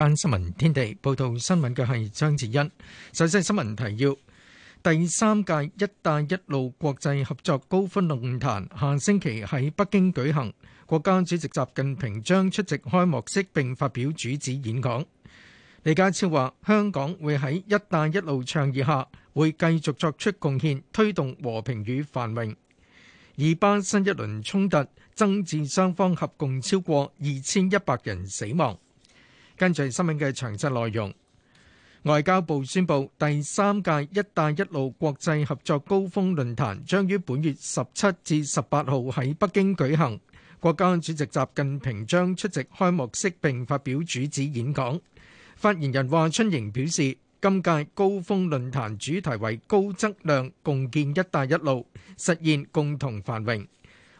間新聞天地報道新聞嘅係張子欣。首先，新聞提要：第三屆“一帶一路”國際合作高峰論壇下星期喺北京舉行，國家主席習近平將出席開幕式並發表主旨演講。李家超話，香港會喺“一帶一路”倡議下，會繼續作出貢獻，推動和平與繁榮。以巴新一輪衝突，爭戰雙方合共超過二千一百人死亡。跟住新聞嘅詳細內容，外交部宣布，第三屆「一帶一路」國際合作高峰論壇將於本月十七至十八號喺北京舉行。國家主席習近平將出席開幕式並發表主旨演講。發言人華春瑩表示，今屆高峰論壇主題為高質量共建「一帶一路」，實現共同繁榮。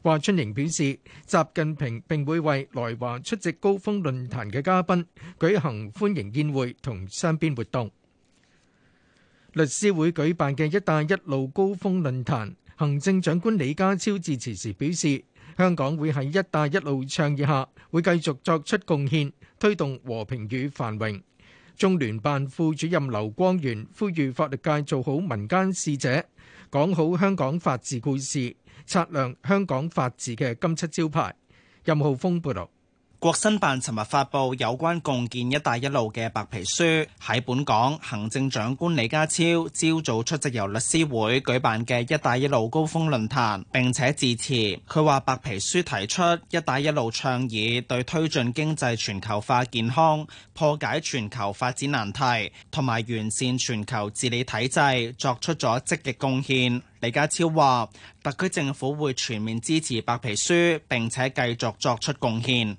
華春瑩表示，習近平並會為來華出席高峯論壇嘅嘉賓舉行歡迎宴會同雙邊活動。律師會舉辦嘅「一帶一路」高峯論壇，行政長官李家超致辭時表示，香港會喺「一帶一路」倡議下，會繼續作出貢獻，推動和平與繁榮。中聯辦副主任劉光源呼籲法律界做好民間使者，講好香港法治故事。擦亮香港法治嘅金漆招牌。任浩峰報道。國新辦尋日發佈有關共建“一帶一路”嘅白皮書。喺本港，行政長官李家超朝早出席由律師會舉辦嘅“一帶一路”高峰論壇，並且致辭。佢話白皮書提出“一帶一路”倡議，對推進經濟全球化健康、破解全球發展難題，同埋完善全球治理體制作出咗積極貢獻。李家超話，特區政府會全面支持白皮書，並且繼續作出貢獻。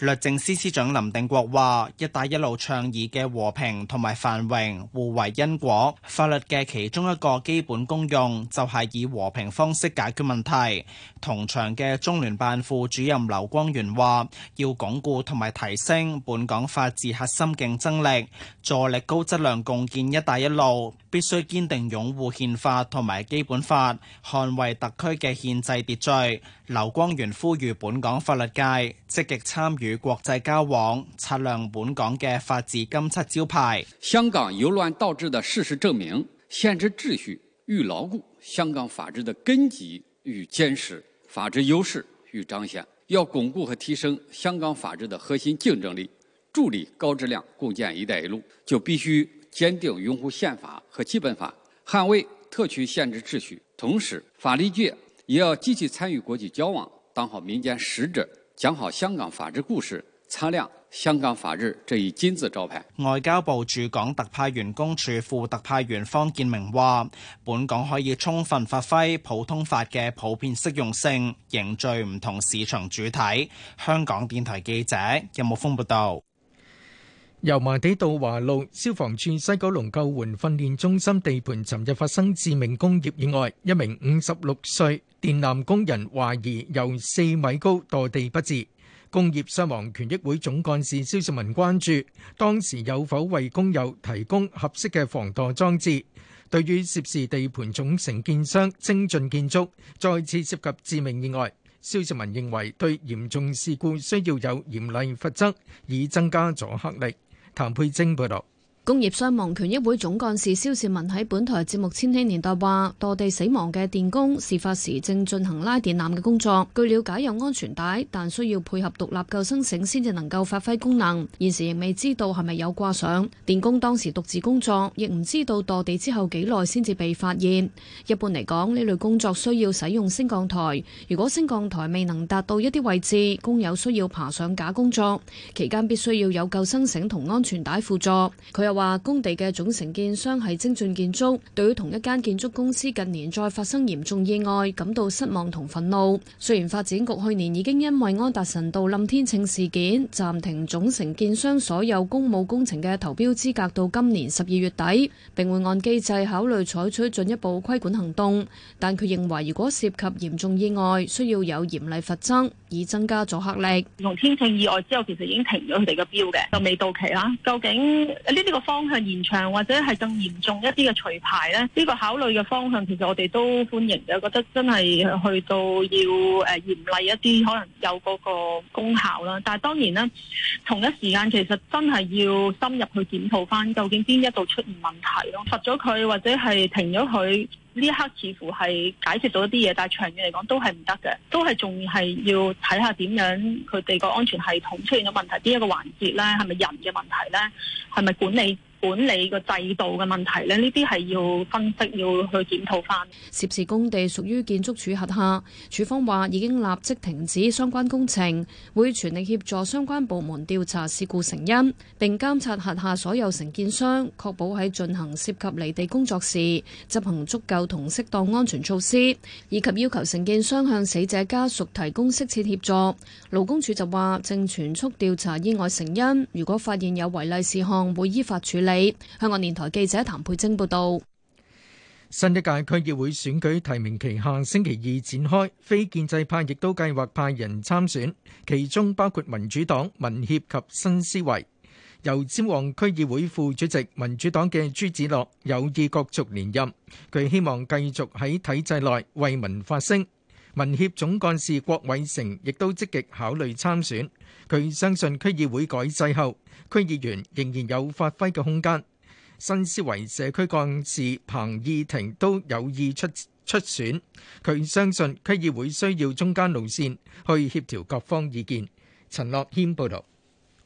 律政司司長林定國話，一帶一路倡議嘅和平同埋繁榮互為因果，法律嘅其中一個基本功用就係以和平方式解決問題。同場嘅中聯辦副主任劉光源話，要鞏固同埋提升本港法治核心競爭力，助力高質量共建一帶一路，必須堅定擁護憲法同埋基本法，捍衛特區嘅憲制秩序。劉光源呼籲本港法律界積極參與國際交往，擦亮本港嘅法治金漆招牌。香港由亂到治的事實證明，憲制秩序愈牢固，香港法治的根基愈堅實，法治優勢愈彰顯。要鞏固和提升香港法治的核心競爭力，助力高質量共建“一帶一路”，就必須堅定擁護憲法和基本法，捍衛特區憲制秩序。同時，法律界。也要積極參與國際交往，當好民間使者，講好香港法治故事，擦亮香港法治這一金字招牌。外交部駐港特派員公署副特派員方建明話：，本港可以充分發揮普通法嘅普遍適用性，凝聚唔同市場主體。香港電台記者任木峯報道。有油麻地道華路消防處西九龍救援訓練中心地盤尋日發生致命工業意外，一名五十六歲電纜工人懷疑由四米高墮地不治。工業傷亡權益會總幹事蕭倩文關注，當時有否為工友提供合適嘅防墮裝置。對於涉事地盤總承建商精進建築再次涉及致命意外，蕭倩文認為對嚴重事故需要有嚴厲罰則，以增加阻嚇力。譚佩貞報道。工業傷亡權益會總幹事蕭志文喺本台節目《千禧年代》話：墮地死亡嘅電工，事發時正進行拉電纜嘅工作。據了解有安全帶，但需要配合獨立救生繩先至能夠發揮功能。現時仍未知道係咪有掛上。電工當時獨自工作，亦唔知道墮地之後幾耐先至被發現。一般嚟講，呢類工作需要使用升降台。如果升降台未能達到一啲位置，工友需要爬上架工作，期間必須要有救生繩同安全帶輔助。佢又話工地嘅總承建商係精進建築，對於同一間建築公司近年再發生嚴重意外，感到失望同憤怒。雖然發展局去年已經因為安達臣道冧天秤事件暫停總承建商所有公務工程嘅投標資格到今年十二月底，並會按機制考慮採取進一步規管行動，但佢認為如果涉及嚴重意外，需要有嚴厲罰則。以增加阻嚇力，同天秤意外之後，其實已經停咗佢哋嘅標嘅，就未到期啦。究竟呢啲、這個方向延長或者係更嚴重一啲嘅除牌呢？呢、這個考慮嘅方向，其實我哋都歡迎嘅，覺得真係去到要誒嚴厲一啲，可能有嗰個功效啦。但係當然咧，同一時間其實真係要深入去檢討翻，究竟邊一度出現問題咯？罰咗佢或者係停咗佢？呢一刻似乎係解決到一啲嘢，但係長遠嚟講都係唔得嘅，都係仲係要睇下點樣佢哋個安全系統出現咗問題，邊一個環節咧，係咪人嘅問題咧，係咪管理？管理嘅制度嘅問題咧，呢啲係要分析，要去檢討翻。涉事工地屬於建築署轄下，署方話已經立即停止相關工程，會全力協助相關部門調查事故成因，並監察轄下所有承建商，確保喺進行涉及離地工作時執行足夠同適當安全措施，以及要求承建商向死者家屬提供適切協助。勞工署就話正全速調查意外成因，如果發現有違例事項，會依法處理。香港電台記者譚佩貞報道，新一屆區議會選舉提名期下星期二展開，非建制派亦都計劃派人參選，其中包括民主黨、民協及新思維。由尖旺區議會副主席民主黨嘅朱子樂有意角逐連任，佢希望繼續喺體制內為民發聲。民協總幹事郭偉成亦都積極考慮參選，佢相信區議會改制後，區議員仍然有發揮嘅空間。新思維社區幹事彭意婷都有意出出選，佢相信區議會需要中間路線去協調各方意見。陳樂軒報導，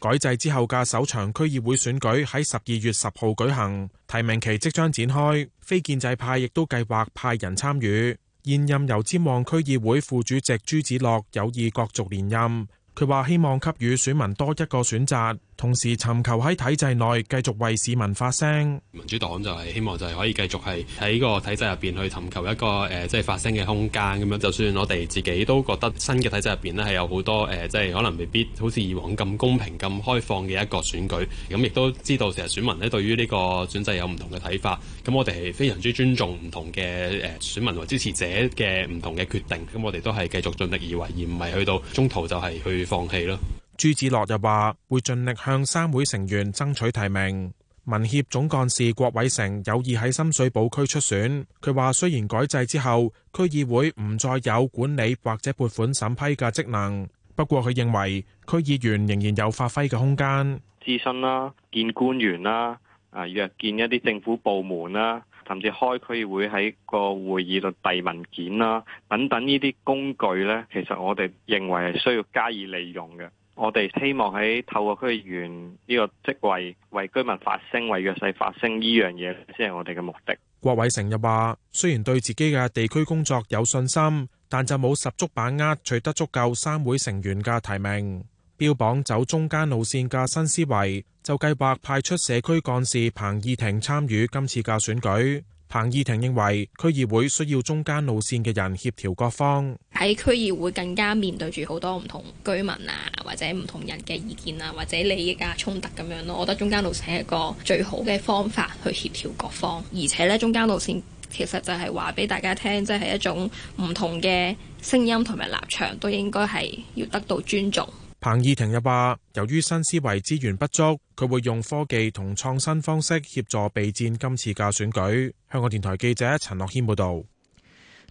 改制之後嘅首場區議會選舉喺十二月十號舉行，提名期即將展開，非建制派亦都計劃派人參與。現任油尖旺區議會副主席朱子樂有意角逐連任，佢話希望給予選民多一個選擇。同時尋求喺體制內繼續為市民發聲。民主黨就係希望就係可以繼續係喺個體制入邊去尋求一個誒即係發聲嘅空間咁樣。就算我哋自己都覺得新嘅體制入邊咧係有好多誒即係可能未必好似以往咁公平、咁開放嘅一個選舉。咁亦都知道成日選民咧對於呢個選制有唔同嘅睇法。咁我哋係非常之尊重唔同嘅誒選民和支持者嘅唔同嘅決定。咁我哋都係繼續盡力而為，而唔係去到中途就係去放棄咯。朱子樂又話會盡力向三會成員爭取提名。民協總幹事郭偉成有意喺深水埗區出選。佢話雖然改制之後區議會唔再有管理或者撥款審批嘅職能，不過佢認為區議員仍然有發揮嘅空間。諮詢啦、見官員啦、啊約見一啲政府部門啦，甚至開區議會喺個會議度遞文件啦，等等呢啲工具呢，其實我哋認為係需要加以利用嘅。我哋希望喺透過區議員呢個職位為居民發聲，為弱勢發聲，呢樣嘢先係我哋嘅目的。郭偉成又話，雖然對自己嘅地區工作有信心，但就冇十足把握取得足夠三會成員嘅提名。標榜走中間路線嘅新思維，就計劃派出社區幹事彭義庭參與今次嘅選舉。彭義庭認為區議會需要中間路線嘅人協調各方，喺區議會更加面對住好多唔同居民啊，或者唔同人嘅意見啊，或者利益啊衝突咁樣咯。我覺得中間路線係一個最好嘅方法去協調各方，而且呢，中間路線其實就係話俾大家聽，即係一種唔同嘅聲音同埋立場都應該係要得到尊重。彭義婷又話，由於新思維資源不足，佢會用科技同創新方式協助備戰今次嘅選舉，香港電台記者陳樂謙報道。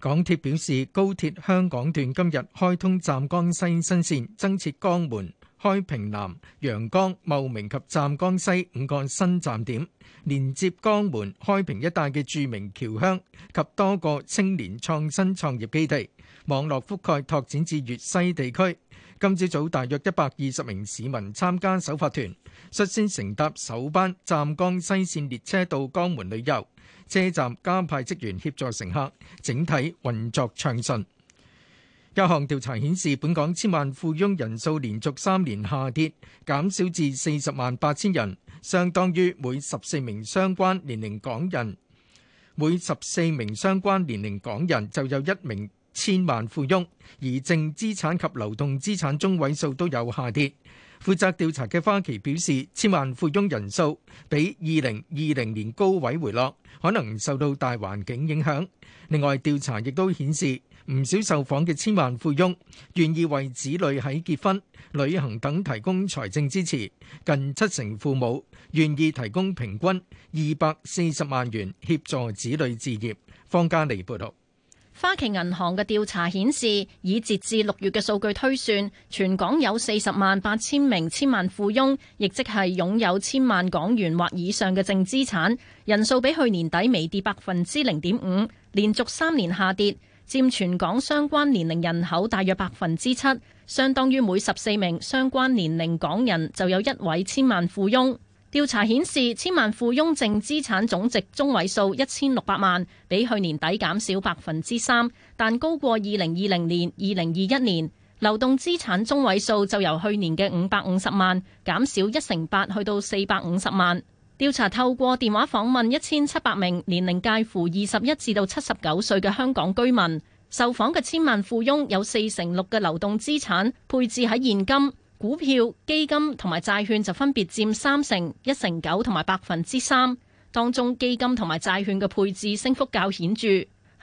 港鐵表示，高鐵香港段今日開通湛江西新線增設江門開平南、陽江、茂名及湛江西五個新站點，連接江門開平一帶嘅著名僑鄉及多個青年創新創業基地，網絡覆蓋拓展至粵西地區。今朝早大約一百二十名市民參加首發團，率先乘搭首班湛江西線列車到江門旅遊。車站加派職員協助乘客，整體運作暢順。一項調查顯示，本港千萬富翁人數連續三年下跌，減少至四十萬八千人，相當於每十四名相關年齡港人，每十四名相關年齡港人就有一名。千萬富翁而淨資產及流動資產中位數都有下跌。負責調查嘅花旗表示，千萬富翁人數比二零二零年高位回落，可能受到大環境影響，另外，調查亦都顯示唔少受訪嘅千萬富翁願意為子女喺結婚、旅行等提供財政支持，近七成父母願意提供平均二百四十萬元協助子女置業。方家妮報道。花旗銀行嘅調查顯示，以截至六月嘅數據推算，全港有四十萬八千名千萬富翁，亦即係擁有千萬港元或以上嘅淨資產，人數比去年底微跌百分之零點五，連續三年下跌，佔全港相關年齡人口大約百分之七，相當於每十四名相關年齡港人就有一位千萬富翁。調查顯示，千萬富翁淨資產總值中位數一千六百萬，比去年底減少百分之三，但高過二零二零年、二零二一年。流動資產中位數就由去年嘅五百五十萬減少一成八，去到四百五十萬。調查透過電話訪問一千七百名年齡介乎二十一至到七十九歲嘅香港居民，受訪嘅千萬富翁有四成六嘅流動資產配置喺現金。股票、基金同埋債券就分別佔三成、一成九同埋百分之三，當中基金同埋債券嘅配置升幅較顯著。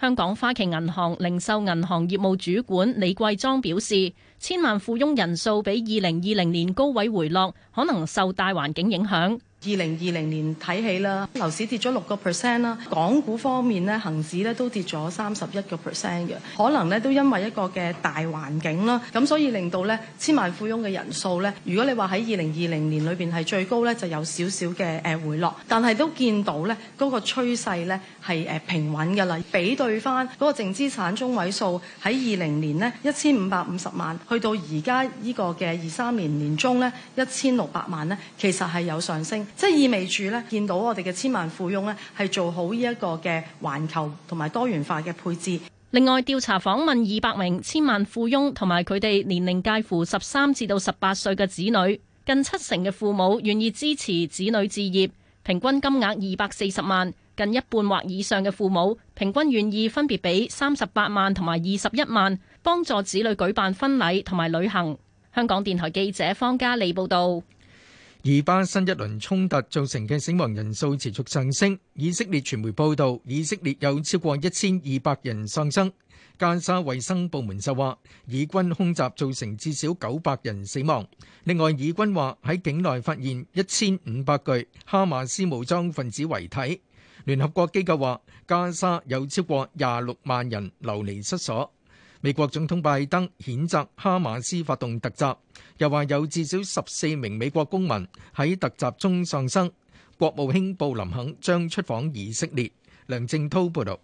香港花旗銀行零售銀行業務主管李桂莊表示，千萬富翁人數比二零二零年高位回落，可能受大環境影響。二零二零年睇起啦，樓市跌咗六個 percent 啦，港股方面呢，恒指呢都跌咗三十一個 percent 嘅，可能呢都因為一個嘅大環境啦，咁所以令到呢千萬富翁嘅人數呢，如果你話喺二零二零年裏邊係最高呢，就有少少嘅誒回落，但係都見到呢嗰個趨勢呢係誒平穩㗎啦。比對返嗰個淨資產中位數喺二零年呢一千五百五十萬，去到而家呢個嘅二三年年中呢一千六百萬呢，其實係有上升。即意味住呢，見到我哋嘅千萬富翁呢，係做好呢一個嘅環球同埋多元化嘅配置。另外調查訪問二百名千萬富翁同埋佢哋年齡介乎十三至到十八歲嘅子女，近七成嘅父母願意支持子女置業，平均金額二百四十萬。近一半或以上嘅父母平均願意分別俾三十八萬同埋二十一萬，幫助子女舉辦婚禮同埋旅行。香港電台記者方嘉莉報道。以巴新一輪衝突造成嘅死亡人數持續上升。以色列傳媒報道，以色列有超過一千二百人喪生。加沙衞生部門就話，以軍空襲造成至少九百人死亡。另外，以軍話喺境內發現一千五百具哈馬斯武裝分子遺體。聯合國機構話，加沙有超過廿六萬人流離失所。美國總統拜登譴責哈馬斯發動突襲，又話有至少十四名美國公民喺突襲中喪生。國務卿布林肯將出訪以色列。梁正濤報道。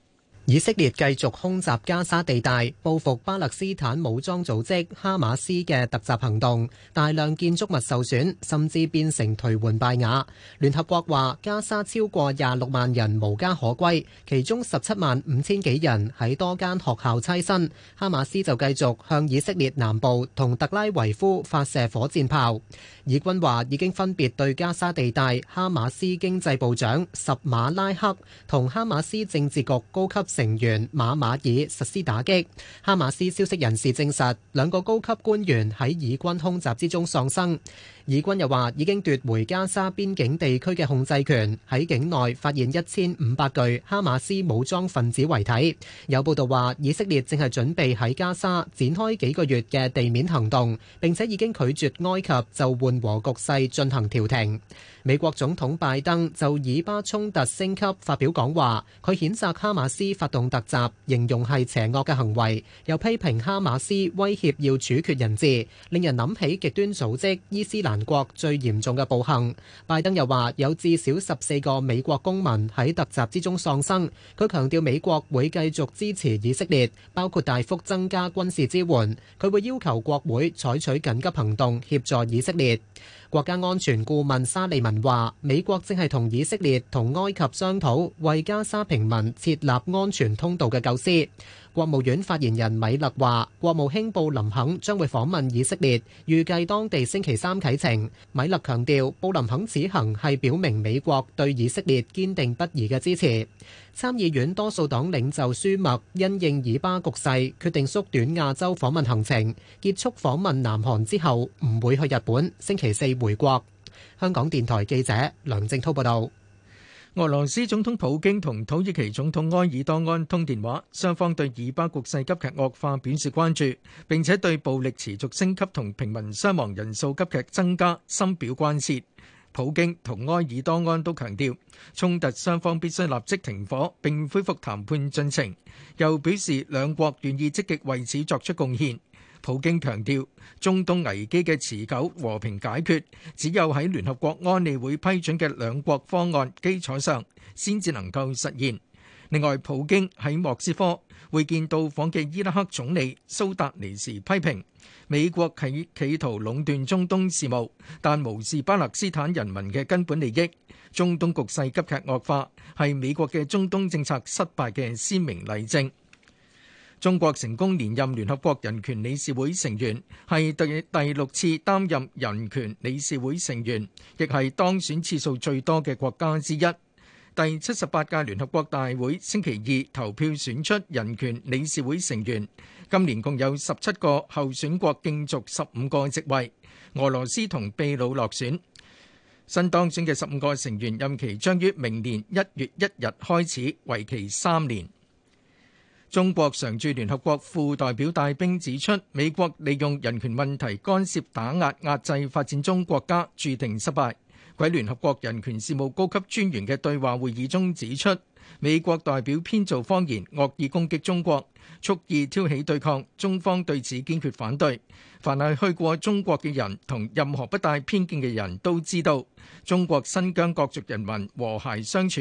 以色列繼續空襲加沙地帶，報復巴勒斯坦武裝組織哈馬斯嘅突襲行動，大量建築物受損，甚至變成頹垣敗瓦。聯合國話，加沙超過廿六萬人無家可歸，其中十七萬五千幾人喺多間學校棲身。哈馬斯就繼續向以色列南部同特拉維夫發射火箭炮。以軍話已經分別對加沙地帶哈馬斯經濟部長十馬拉克同哈馬斯政治局高級成員馬馬爾實施打擊。哈馬斯消息人士證實，兩個高級官員喺以軍空襲之中喪生。以軍又話已經奪回加沙邊境地區嘅控制權，喺境內發現一千五百具哈馬斯武裝分子遺體。有報道話，以色列正係準備喺加沙展開幾個月嘅地面行動，並且已經拒絕埃及就緩和局勢進行調停。美國總統拜登就以巴衝突升級發表講話，佢譴責哈馬斯發動突襲，形容係邪惡嘅行為，又批評哈馬斯威脅要處決人質，令人諗起極端組織，伊斯蘭國最嚴重嘅暴行。拜登又話有至少十四個美國公民喺突襲之中喪生，佢強調美國會繼續支持以色列，包括大幅增加軍事支援，佢會要求國會採取緊急行動協助以色列。國家安全顧問沙利文話，美國正係同以色列同埃及商討為加沙平民設立安全通道嘅構思。國務院發言人米勒話：國務卿布林肯將會訪問以色列，預計當地星期三啟程。米勒強調，布林肯此行係表明美國對以色列堅定不移嘅支持。參議院多數黨領袖舒默因應以巴局勢，決定縮短亞洲訪問行程，結束訪問南韓之後唔會去日本，星期四回國。香港電台記者梁正滔報道。俄羅斯總統普京同土耳其總統埃爾多安通電話，雙方對以巴局勢急劇惡化表示關注，並且對暴力持續升級同平民傷亡人數急劇增加深表關切。普京同埃爾多安都強調，衝突雙方必須立即停火並恢復談判進程，又表示兩國願意積極為此作出貢獻。普京強調，中東危機嘅持久和平解決，只有喺聯合國安理會批准嘅兩國方案基礎上，先至能夠實現。另外，普京喺莫斯科會見到訪嘅伊拉克總理蘇達尼時，批評美國企企圖壟斷中東事務，但無視巴勒斯坦人民嘅根本利益。中東局勢急劇惡化，係美國嘅中東政策失敗嘅鮮明例證。中國成功連任聯合國人權理事會成員，係第第六次擔任人權理事會成員，亦係當選次數最多嘅國家之一。第七十八屆聯合國大會星期二投票選出人權理事會成員，今年共有十七個候選國競逐十五個席位，俄羅斯同秘魯落選。新當選嘅十五個成員任期將於明年一月一日開始，為期三年。中國常駐聯合國副代表戴兵指出，美國利用人權問題干涉、打壓、壓制發展中國家，注定失敗。喺聯合國人權事務高級專員嘅對話會議中指出，美國代表編造謊言，惡意攻擊中國，蓄意挑起對抗，中方對此堅決反對。凡係去過中國嘅人，同任何不帶偏見嘅人都知道，中國新疆各族人民和諧相處，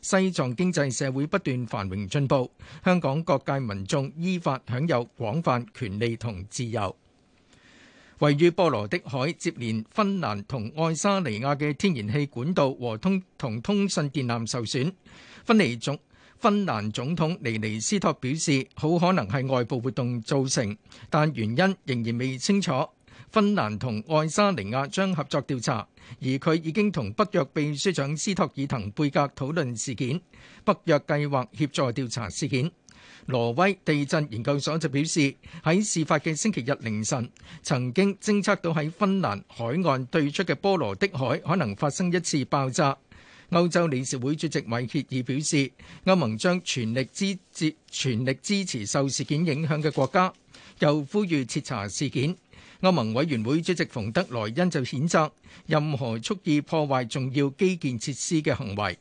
西藏經濟社會不斷繁榮進步，香港各界民眾依法享有廣泛權利同自由。位於波羅的海、接連芬蘭同愛沙尼亞嘅天然氣管道和通同通訊電纜受損。芬尼總芬蘭總統尼尼斯托表示，好可能係外部活動造成，但原因仍然未清楚。芬蘭同愛沙尼亞將合作調查，而佢已經同北約秘書長斯托爾滕貝格討論事件。北約計劃協助調查事件。挪威地震研究所就表示，喺事發嘅星期日凌晨，曾經偵測到喺芬蘭海岸對出嘅波羅的海可能發生一次爆炸。歐洲理事會主席米歇爾表示，歐盟將全力支持全力支持受事件影響嘅國家，又呼籲徹查事件。歐盟委員會主席馮德萊恩就譴責任何蓄意破壞重要基建設施嘅行為。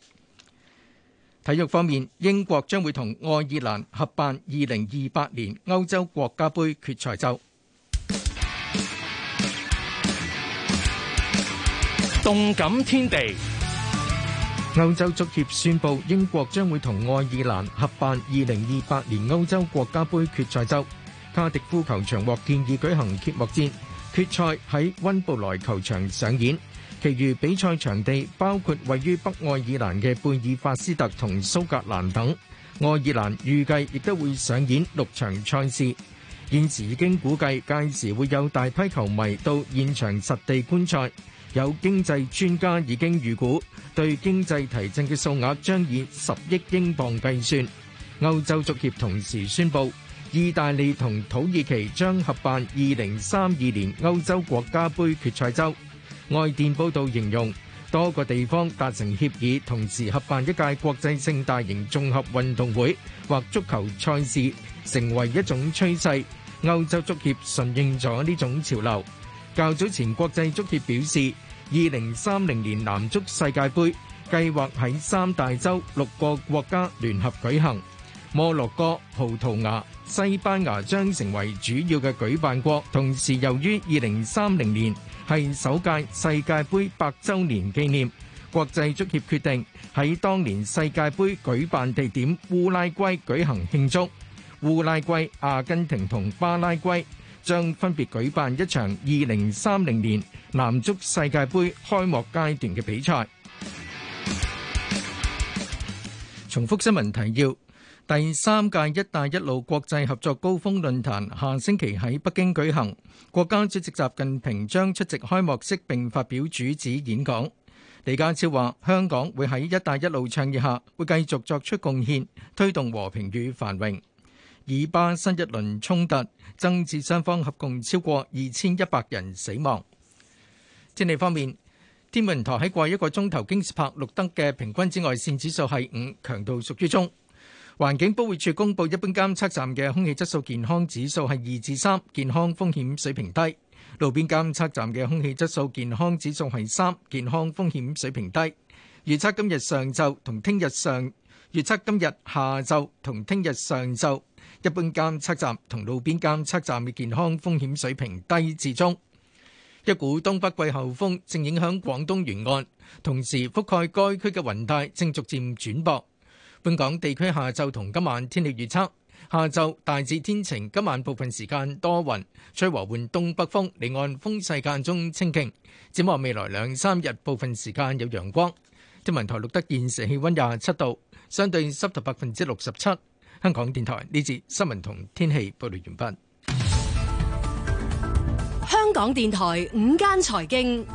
體育方面，英國將會同愛爾蘭合辦二零二八年歐洲國家杯決賽周。動感天地，歐洲足協宣布，英國將會同愛爾蘭合辦二零二八年歐洲國家杯決賽周。卡迪夫球場獲建議舉行揭幕戰，決賽喺溫布萊球場上演。其餘比賽場地包括位於北愛爾蘭嘅貝爾法斯特同蘇格蘭，等愛爾蘭預計亦都會上演六場賽事。現時已經估計屆時，會有大批球迷到現場實地觀賽。有經濟專家已經預估對經濟提振，嘅數額將以十億英鎊計算。歐洲足協同時宣布意大利同土耳其將合辦2032年歐洲國家杯決賽周。外電報導形容，多個地方達成協議，同時合辦一屆國際性大型綜合運動會、或足球賽事，成為一種趨勢。歐洲足協順應咗呢種潮流。較早前國際足協表示 ,2030 年男足世界杯，計劃喺三大洲六個國家聯合舉行，摩洛哥、葡萄牙、西班牙將成為主要嘅舉辦國。同時由於2030年係首屆世界盃百週年紀念，國際足協決定喺當年世界盃舉辦地點烏拉圭舉行慶祝。烏拉圭、阿根廷同巴拉圭將分別舉辦一場2030年男足世界盃開幕階段嘅比賽。重複新聞提要。第三屆「一帶一路」國際合作高峰論壇下星期喺北京舉行，國家主席習近平將出席開幕式並發表主旨演講。李家超話：香港會喺「一帶一路」倡議下，會繼續作出貢獻，推動和平與繁榮。以巴新一輪衝突增至雙方合共超過二千一百人死亡。天氣方面，天文台喺過一個鐘頭京士柏錄得嘅平均紫外線指數係五，強度屬於中。環境保護署公布，一般監測站嘅空氣質素健康指數係二至三，健康風險水平低；路邊監測站嘅空氣質素健康指數係三，健康風險水平低。預測今日上晝同聽日上，預測今日下晝同聽日上晝，一般監測站同路邊監測站嘅健康風險水平低至中。一股東北季候風正影響廣東沿岸，同時覆蓋該區嘅雲帶正逐漸轉薄。本港地區下晝同今晚天氣預測：下晝大致天晴，今晚部分時間多雲，吹和緩東北風，離岸風勢間中清勁。展望未來兩三日，部分時間有陽光。天文台錄得現時氣溫廿七度，相對濕度百分之六十七。香港電台呢節新聞同天氣報道完畢。香港電台午間財經。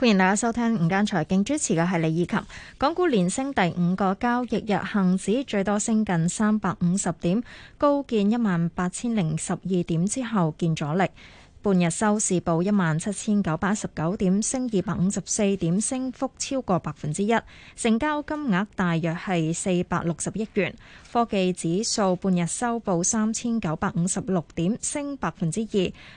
歡迎大家收聽午間財經，主持嘅係李綺琴。港股連升第五個交易日，恒指最多升近三百五十點，高見一萬八千零十二點之後見阻力。半日收市報一萬七千九百一十九點，升二百五十四點，升幅超過百分之一，成交金額大約係四百六十億元。科技指數半日收報三千九百五十六點，升百分之二，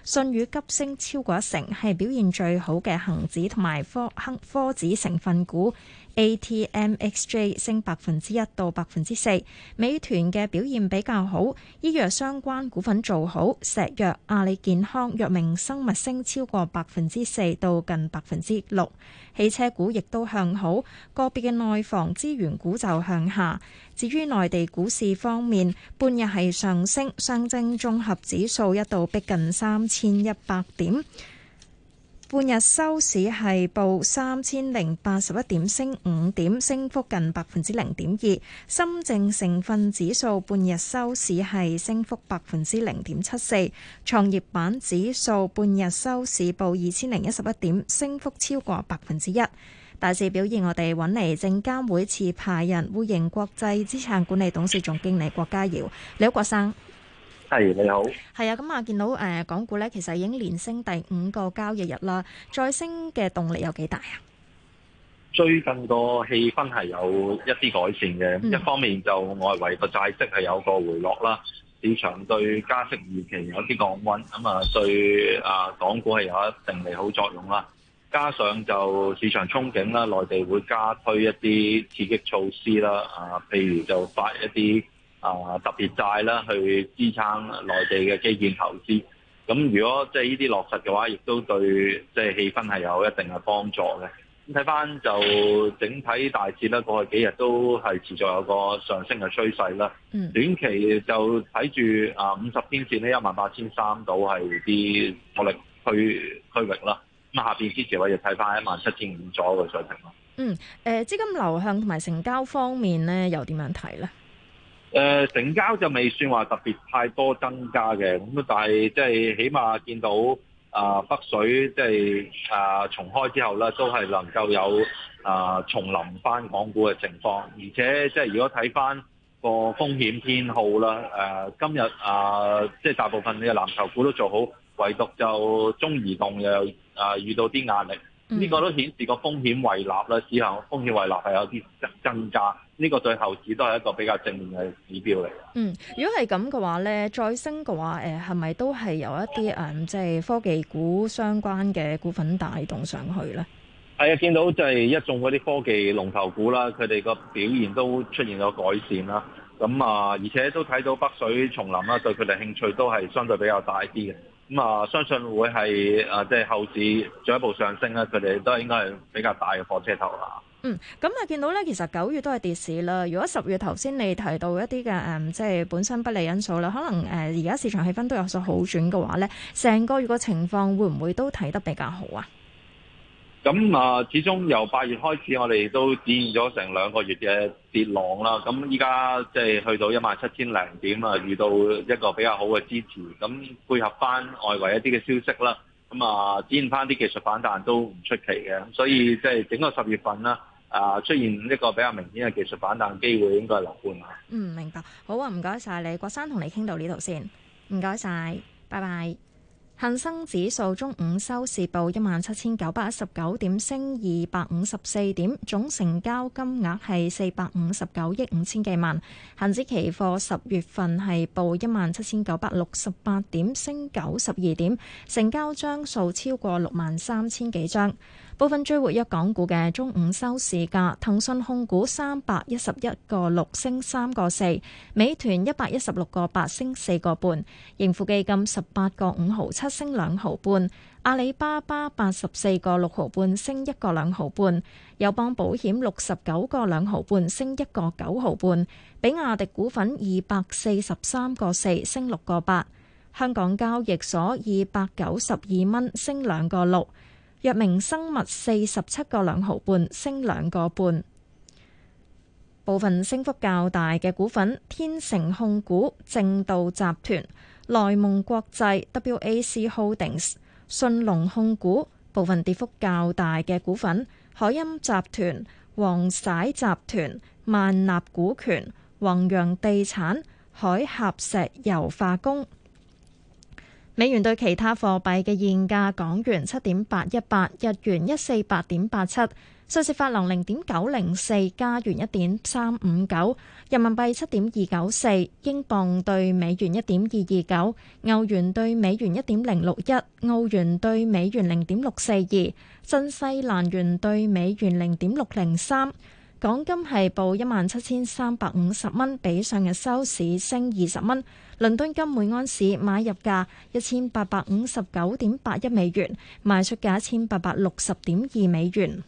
信譽急升超過一成，係表現最好嘅恒指同埋科恆科指成分股。ATMXJ 升百分之一到百分之四，美團嘅表現比較好，醫藥相關股份做好，石藥、阿里健康、藥明生物升超過百分之四到近百分之六，汽車股亦都向好，個別嘅內房資源股就向下。至於內地股市方面，半日係上升，上證綜合指數一度逼近三千一百點。半日收市係報三千零八十一點升五點升幅近百分之零點二。深證成分指數半日收市係升幅百分之零點七四。創業板指數半日收市報二千零一十一點升幅超過百分之一。大市表現我哋揾嚟證監會持牌人匯盈國際資產管理董事總經理郭家堯，你好，郭生。係你好，係啊，咁啊，我見到誒，港股咧，其實已經連升第五個交易日啦，再升嘅動力有幾大啊？最近個氣氛係有一啲改善嘅，嗯、一方面就外圍個債息係有個回落啦，市場對加息預期有啲降溫，咁啊，對啊，港股係有一定利好作用啦。加上就市場憧憬啦，內地會加推一啲刺激措施啦，啊，譬如就發一啲。啊！特別債啦，去支撐內地嘅基建投資。咁如果即係呢啲落實嘅話，亦都對即係氣氛係有一定嘅幫助嘅。咁睇翻就整體大市啦，過去幾日都係持續有個上升嘅趨勢啦。嗯、短期就睇住啊五十天線呢，18, 一萬八千三到係啲壓力區區域啦。咁下邊支持位就睇翻一萬七千五左右嘅水平咯。嗯，誒、呃、資金流向同埋成交方面咧，又點樣睇咧？誒、呃，成交就未算話特別太多增加嘅，咁但係即係起碼見到啊、呃、北水即係啊重開之後咧，都係能夠有啊、呃、重臨翻港股嘅情況，而且即係如果睇翻個風險偏好啦，誒、呃，今日啊，即、呃、係、就是、大部分嘅藍籌股都做好，唯獨就中移動又啊遇到啲壓力。呢、嗯、個都顯示個風險胃納咧，之後風險胃納係有啲增加，呢、這個對後市都係一個比較正面嘅指標嚟嘅。嗯，如果係咁嘅話咧，再升嘅話，誒係咪都係由一啲誒、嗯、即係科技股相關嘅股份帶動上去咧？係啊，見到即係一眾嗰啲科技龍頭股啦，佢哋個表現都出現咗改善啦。咁啊，而且都睇到北水重臨啦，對佢哋興趣都係相對比較大啲嘅。咁啊，相信會係啊，即係後市進一步上升咧，佢哋都係應該係比較大嘅火車頭啦。嗯，咁啊，見到咧，其實九月都係跌市啦。如果十月頭先你提到一啲嘅誒，即係本身不利因素咧，可能誒而家市場氣氛都有所好轉嘅話咧，成個月個情況會唔會都睇得比較好啊？咁啊，始終由八月開始，我哋都展現咗成兩個月嘅跌浪啦。咁依家即係去到一萬七千零點啊，遇到一個比較好嘅支持。咁配合翻外圍一啲嘅消息啦，咁啊，展現翻啲技術反彈都唔出奇嘅。所以即係整個十月份啦，啊，出現一個比較明顯嘅技術反彈機會，應該係樂觀嘅。嗯，明白。好啊，唔該晒你，郭生同你傾到呢度先。唔該晒。拜拜。恒生指數中午收市報一萬七千九百一十九點，升二百五十四點，總成交金額係四百五十九億五千幾萬。恒指期貨十月份係報一萬七千九百六十八點，升九十二點，成交張數超過六萬三千幾張。部分追活躍港股嘅中午收市價，騰訊控股三百一十一個六升三個四，美團一百一十六個八升四個半，盈富基金十八個五毫七，升兩毫半，阿里巴巴八十四個六毫半，升一個兩毫半；友邦保險六十九個兩毫半，升一個九毫半；比亞迪股份二百四十三個四，升六個八；香港交易所二百九十二蚊，升兩個六；藥明生物四十七個兩毫半，升兩個半。部分升幅較大嘅股份：天成控股、正道集團、內蒙國際、WAC Holdings、信隆控股。部分跌幅較大嘅股份，海音集團、黃曬集團、萬納股權、宏揚地產、海峽石油化工。美元對其他貨幣嘅現價，港元七點八一八，日元一四八點八七。瑞士法郎零點九零四，加元一點三五九，人民幣七點二九四，英鎊兌美元一點二二九，歐元兌美元一點零六一，澳元兌美元零點六四二，新西蘭元兌美元零點六零三。港金係報一萬七千三百五十蚊，比上日收市升二十蚊。倫敦金每安士買入價一千八百五十九點八一美元，賣出價一千八百六十點二美元。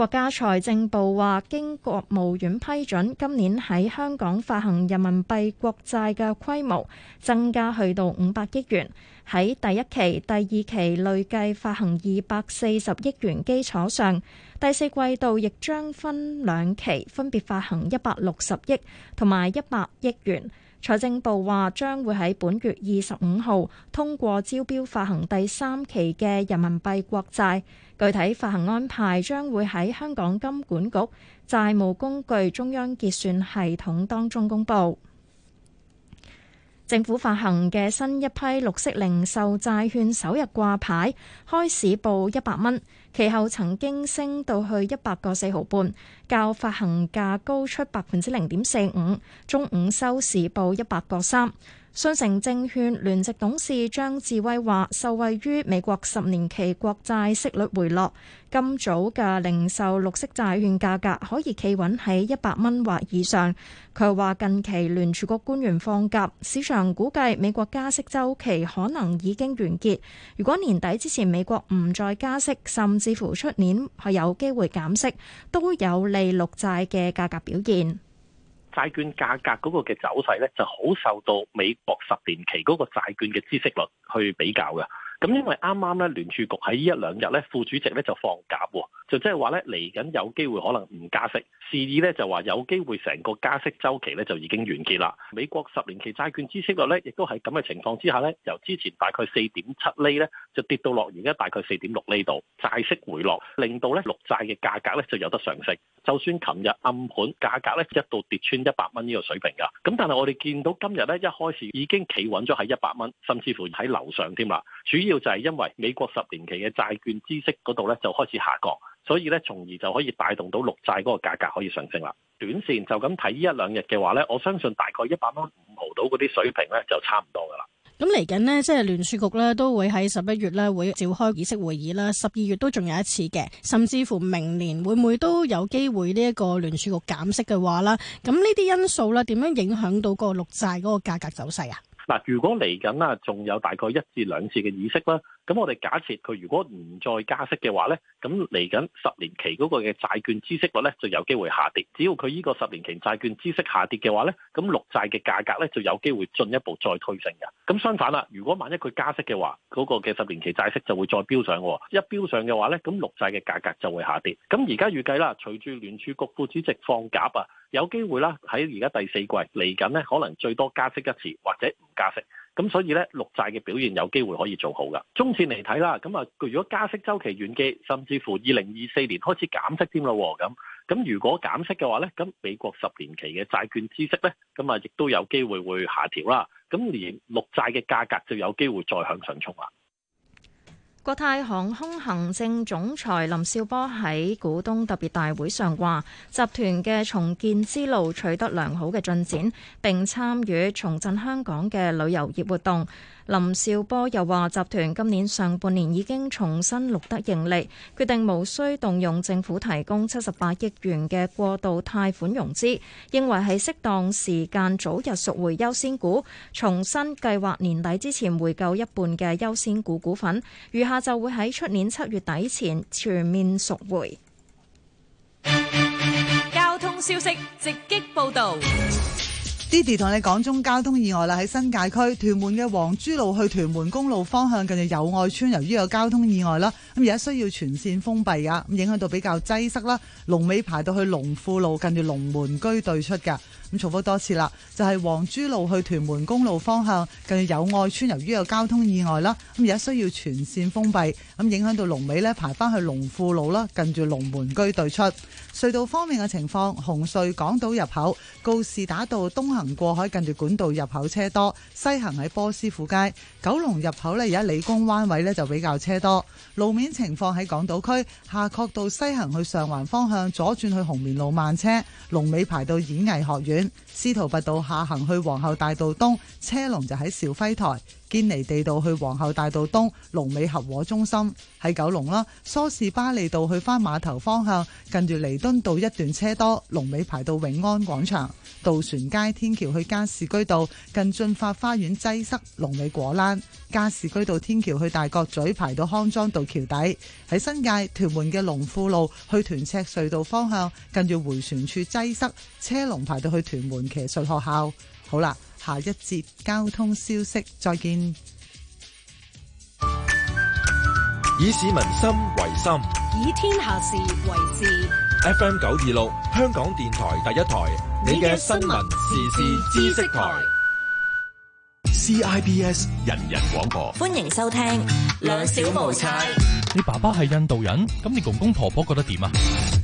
國家財政部話，經國務院批准，今年喺香港發行人民幣國債嘅規模增加去到五百億元。喺第一期、第二期累計發行二百四十億元基礎上，第四季度亦將分兩期，分別發行一百六十億同埋一百億元。財政部話，將會喺本月二十五號通過招標發行第三期嘅人民幣國債，具體發行安排將會喺香港金管局債務工具中央結算系統當中公布。政府發行嘅新一批綠色零售債券首日掛牌，開市報一百蚊，其後曾經升到去一百個四毫半，較發行價高出百分之零點四五。中午收市報一百個三。信誠證券聯席董事張志威話：，受惠於美國十年期國債息率回落，今早嘅零售綠色債券價格可以企穩喺一百蚊或以上。佢話近期聯儲局官員放鴿，市場估計美國加息週期可能已經完結。如果年底之前美國唔再加息，甚至乎出年係有機會減息，都有利綠債嘅價格表現。債券價格嗰個嘅走勢咧，就好受到美國十年期嗰個債券嘅孳息率去比較嘅。咁因為啱啱咧聯儲局喺呢一兩日咧副主席咧就放假喎，就即係話咧嚟緊有機會可能唔加息，示意咧就話有機會成個加息週期咧就已經完結啦。美國十年期債券孳息率咧亦都喺咁嘅情況之下咧，由之前大概四點七厘咧就跌到落而家大概四點六厘度，債息回落令到咧綠債嘅價格咧就有得上升。就算琴日暗盤價格咧一度跌穿一百蚊呢個水平㗎，咁但係我哋見到今日咧一開始已經企穩咗喺一百蚊，甚至乎喺樓上添啦。主要就係因為美國十年期嘅債券知息嗰度咧就開始下降，所以咧從而就可以帶動到綠債嗰個價格可以上升啦。短綫就咁睇呢一兩日嘅話咧，我相信大概一百蚊五毫到嗰啲水平咧就差唔多噶啦。咁嚟緊呢，即係聯儲局咧都會喺十一月咧會召開議息會議啦，十二月都仲有一次嘅，甚至乎明年會唔會都有機會聯呢一個聯儲局減息嘅話啦？咁呢啲因素啦，點樣影響到個綠債嗰個價格走勢啊？嗱，如果嚟緊啊，仲有大概一至兩次嘅意識啦。咁我哋假設佢如果唔再加息嘅話咧，咁嚟緊十年期嗰個嘅債券孳息率咧就有機會下跌。只要佢依個十年期債券孳息下跌嘅話咧，咁綠債嘅價格咧就有機會進一步再推升嘅。咁相反啦，如果萬一佢加息嘅話，嗰個嘅十年期債息就會再飆上嘅。一飆上嘅話咧，咁綠債嘅價格就會下跌。咁而家預計啦，隨住聯儲局副主席放鴿啊，有機會啦喺而家第四季嚟緊咧，可能最多加息一次或者唔加息。咁所以咧，綠債嘅表現有機會可以做好噶。中線嚟睇啦，咁啊，如果加息週期遠機，甚至乎二零二四年開始減息添啦，咁咁如果減息嘅話咧，咁美國十年期嘅債券孳息咧，咁啊，亦都有機會會下調啦。咁連綠債嘅價格就有機會再向上衝啊。國泰航空行政總裁林紹波喺股東特別大會上話，集團嘅重建之路取得良好嘅進展，並參與重振香港嘅旅遊業活動。林紹波又話：集團今年上半年已經重新錄得盈利，決定無需動用政府提供七十八億元嘅過渡貸款融資，認為喺適當時間早日贖回優先股，重新計劃年底之前回購一半嘅優先股股份，餘下就會喺出年七月底前全面贖回。交通消息直擊報道。Didi 同你講中交通意外啦，喺新界區屯門嘅黃珠路去屯門公路方向近住友愛村，由於有交通意外啦，咁而家需要全線封閉噶，咁影響到比較擠塞啦，龍尾排到去龍富路近住龍門居對出噶。咁重複多次啦，就係皇珠路去屯門公路方向，近住友愛邨，由於有交通意外啦，咁而家需要全線封閉，咁影響到龍尾咧排翻去龍富路啦，近住龍門居對出隧道方面嘅情況，紅隧港島入口告士打道東行過海，近住管道入口車多；西行喺波斯富街，九龍入口咧而家理工彎位咧就比較車多。路面情況，喺港島區夏愨道西行去上環方向左轉去紅棉路慢車龍尾排到演藝學院。司徒拔道下行去皇后大道東，車龍就喺兆輝台。堅尼地道去皇后大道東，龍尾合和中心。喺九龍啦，梳士巴利道去翻碼頭方向，近住彌敦道一段車多，龍尾排到永安廣場。渡船街天橋去加士居道近駿發花園擠塞，龍尾果欄。加士居道天橋去大角咀排到康莊道橋底。喺新界屯門嘅龍富路去屯赤隧道方向，近住回旋處擠塞，車龍排到去屯門騎術學校。好啦。下一節交通消息，再見。以市民心為心，以天下事為事。FM 九二六，香港電台第一台，你嘅新聞時聞事，事知識台。CIBS 人人廣播，歡迎收聽兩小無猜。你爸爸係印度人，咁你公公婆婆，婆覺得點啊？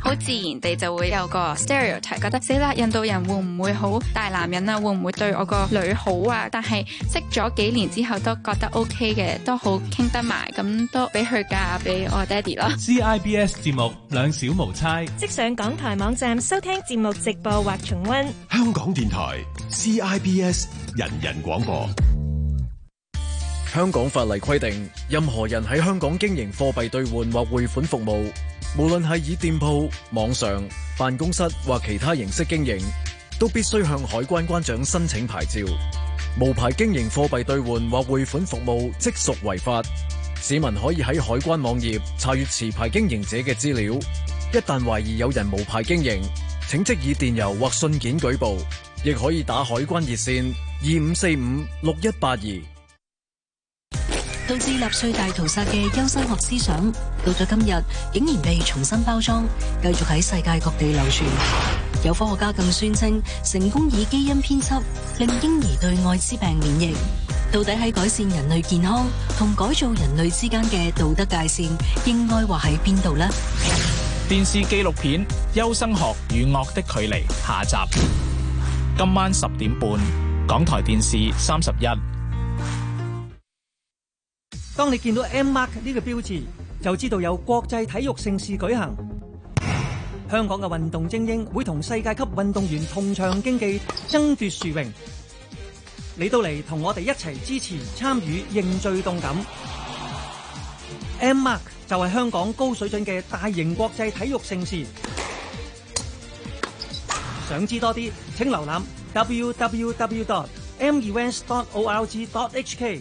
好自然地就會有個 stereotype，覺得死啦！印度人會唔會好大男人啊？會唔會對我個女好啊？但係識咗幾年之後都覺得 OK 嘅，都好傾得埋，咁都俾佢嫁俾我爹哋咯。CIBS 節目兩小無猜，即上港台網站收聽節目直播或重温。香港電台 CIBS 人人廣播。香港法例規定，任何人喺香港經營貨幣兌換或匯款服務，無論係以店鋪、網上、辦公室或其他形式經營，都必須向海關關長申請牌照。無牌經營貨幣兌換或匯款服務，即屬違法。市民可以喺海關網頁查閱持牌經營者嘅資料。一旦懷疑有人無牌經營，請即以電郵或信件舉報，亦可以打海關熱線二五四五六一八二。導致納粹大屠殺嘅優生學思想，到咗今日竟然被重新包裝，繼續喺世界各地流傳。有科學家更宣稱成功以基因編輯令嬰兒對艾滋病免疫。到底喺改善人類健康同改造人類之間嘅道德界綫，應該劃喺邊度呢？電視紀錄片《優生學與惡的距離》下集，今晚十點半，港台電視三十一。當你見到 M Mark 呢個標誌，就知道有國際體育盛事舉行。香港嘅運動精英會同世界級運動員同場競技，爭奪殊榮。你到嚟同我哋一齊支持、參與、凝聚動感。 M Mark 就係香港高水準嘅大型國際體育盛事。 想知多啲，請瀏覽 www.mevents.org.hk。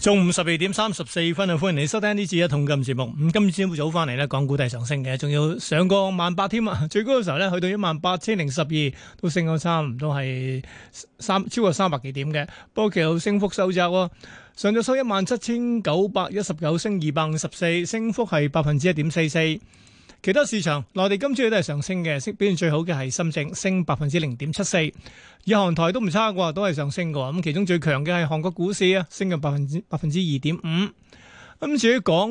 中午十二點三十四分啊，歡迎你收聽呢次一桶金節目。咁今日朝早翻嚟咧，港股都係上升嘅，仲要上過萬八添啊！最高嘅時候咧，去到一萬八千零十二，都升咗差唔多係三超過三百幾點嘅。不過其後升幅收窄喎，哦，上咗收一萬七千九百一十九，升二百五十四，升幅係百分之一點四四。其他市場，內地今朝都係上升嘅，表現最好嘅係深證，升百分之零點七四。以韓台都唔差啩，都係上升嘅。咁其中最強嘅係韓國股市啊，升咗百分之百分之二點五。咁至於講